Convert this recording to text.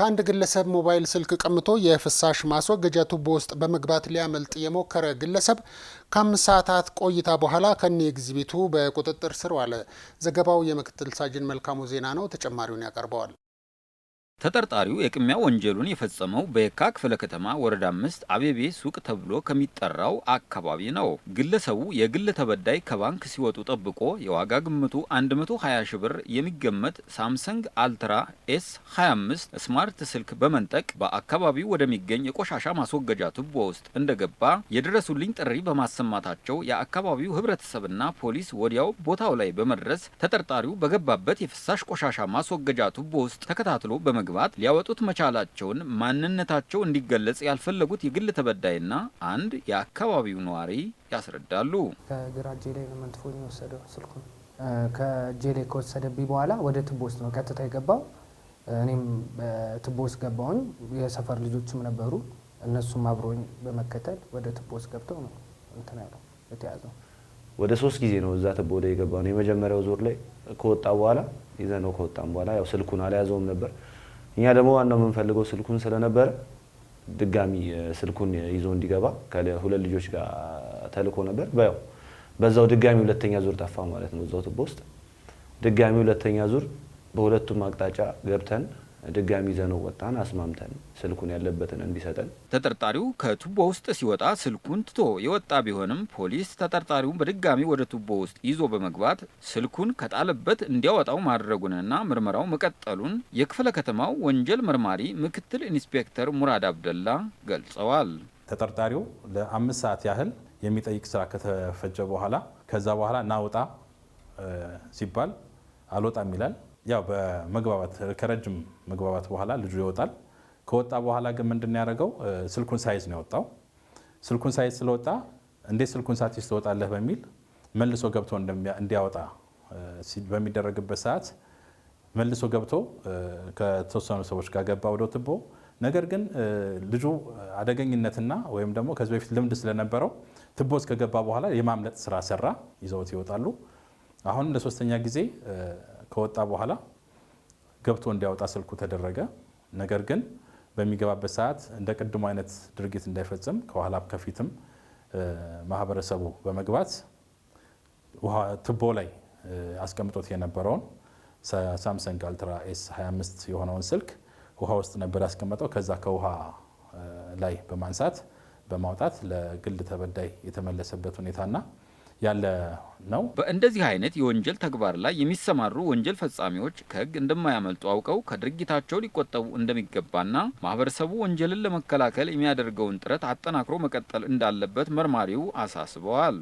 ከአንድ ግለሰብ ሞባይል ስልክ ቀምቶ የፍሳሽ ማስወገጃ ቱቦ ውስጥ በመግባት ሊያመልጥ የሞከረ ግለሰብ ከአምስት ሰዓታት ቆይታ በኋላ ከነ ኤግዚቢቱ በቁጥጥር ስር ዋለ። ዘገባው የምክትል ሳጅን መልካሙ ዜና ነው። ተጨማሪውን ያቀርበዋል። ተጠርጣሪው የቅሚያ ወንጀሉን የፈጸመው በየካ ክፍለ ከተማ ወረዳ አምስት አቤቤ ሱቅ ተብሎ ከሚጠራው አካባቢ ነው። ግለሰቡ የግል ተበዳይ ከባንክ ሲወጡ ጠብቆ የዋጋ ግምቱ 120 ሺ ብር የሚገመት ሳምሰንግ አልትራ ኤስ 25 ስማርት ስልክ በመንጠቅ በአካባቢው ወደሚገኝ የቆሻሻ ማስወገጃ ቱቦ ውስጥ እንደገባ የድረሱልኝ ጥሪ በማሰማታቸው የአካባቢው ህብረተሰብና ፖሊስ ወዲያው ቦታው ላይ በመድረስ ተጠርጣሪው በገባበት የፍሳሽ ቆሻሻ ማስወገጃ ቱቦ ውስጥ ተከታትሎ በመግ በመግባት ሊያወጡት መቻላቸውን ማንነታቸው እንዲገለጽ ያልፈለጉት የግል ተበዳይና አንድ የአካባቢው ነዋሪ ያስረዳሉ። ከግራ እጄ ላይ ነው መንትፎ የወሰደው ስልኩን። ከእጄ ላይ ከወሰደብኝ በኋላ ወደ ትቦ ውስጥ ነው ቀጥታ የገባው። እኔም ትቦ ውስጥ ገባውኝ። የሰፈር ልጆችም ነበሩ። እነሱም አብሮኝ በመከተል ወደ ትቦ ውስጥ ገብተው ነው እንትን ያለው የተያዘው። ወደ ሶስት ጊዜ ነው እዛ ትቦ ወደ የገባ ነው። የመጀመሪያው ዙር ላይ ከወጣ በኋላ ይዘነው ከወጣም በኋላ ያው ስልኩን አልያዘውም ነበር እኛ ደግሞ ዋናው የምንፈልገው ስልኩን ስለነበረ ድጋሚ ስልኩን ይዞ እንዲገባ ከሁለት ልጆች ጋር ተልኮ ነበር። በያው በዛው ድጋሚ ሁለተኛ ዙር ጠፋ ማለት ነው። እዛው ቱቦ ውስጥ ድጋሚ ሁለተኛ ዙር በሁለቱም አቅጣጫ ገብተን ድጋሚ ይዘነው ወጣን። አስማምተን ስልኩን ያለበትን እንዲሰጠን። ተጠርጣሪው ከቱቦ ውስጥ ሲወጣ ስልኩን ትቶ የወጣ ቢሆንም ፖሊስ ተጠርጣሪውን በድጋሚ ወደ ቱቦ ውስጥ ይዞ በመግባት ስልኩን ከጣለበት እንዲያወጣው ማድረጉንና ምርመራው መቀጠሉን የክፍለ ከተማው ወንጀል መርማሪ ምክትል ኢንስፔክተር ሙራድ አብደላ ገልጸዋል። ተጠርጣሪው ለአምስት ሰዓት ያህል የሚጠይቅ ስራ ከተፈጀ በኋላ ከዛ በኋላ ናውጣ ሲባል አልወጣም ይላል። ያው በመግባባት ከረጅም መግባባት በኋላ ልጁ ይወጣል። ከወጣ በኋላ ግን ምንድን ያደረገው ስልኩን ሳይዝ ነው የወጣው። ስልኩን ሳይዝ ስለወጣ እንዴት ስልኩን ሳትይዝ ትወጣለህ በሚል መልሶ ገብቶ እንዲያወጣ በሚደረግበት ሰዓት መልሶ ገብቶ ከተወሰኑ ሰዎች ጋር ገባ ወደ ትቦ። ነገር ግን ልጁ አደገኝነትና ወይም ደግሞ ከዚህ በፊት ልምድ ስለነበረው ትቦ እስከገባ በኋላ የማምለጥ ስራ ሰራ። ይዘውት ይወጣሉ። አሁንም ለሶስተኛ ጊዜ ከወጣ በኋላ ገብቶ እንዲያወጣ ስልኩ ተደረገ። ነገር ግን በሚገባበት ሰዓት እንደ ቅድሙ አይነት ድርጊት እንዳይፈጽም ከኋላ ከፊትም ማህበረሰቡ በመግባት ቱቦ ላይ አስቀምጦት የነበረውን ሳምሰንግ አልትራ ኤስ 25 የሆነውን ስልክ ውሃ ውስጥ ነበር ያስቀመጠው። ከዛ ከውሃ ላይ በማንሳት በማውጣት ለግል ተበዳይ የተመለሰበት ሁኔታና ያለ ነው። በእንደዚህ አይነት የወንጀል ተግባር ላይ የሚሰማሩ ወንጀል ፈጻሚዎች ከህግ እንደማያመልጡ አውቀው ከድርጊታቸው ሊቆጠቡ እንደሚገባና ማህበረሰቡ ወንጀልን ለመከላከል የሚያደርገውን ጥረት አጠናክሮ መቀጠል እንዳለበት መርማሪው አሳስበዋል።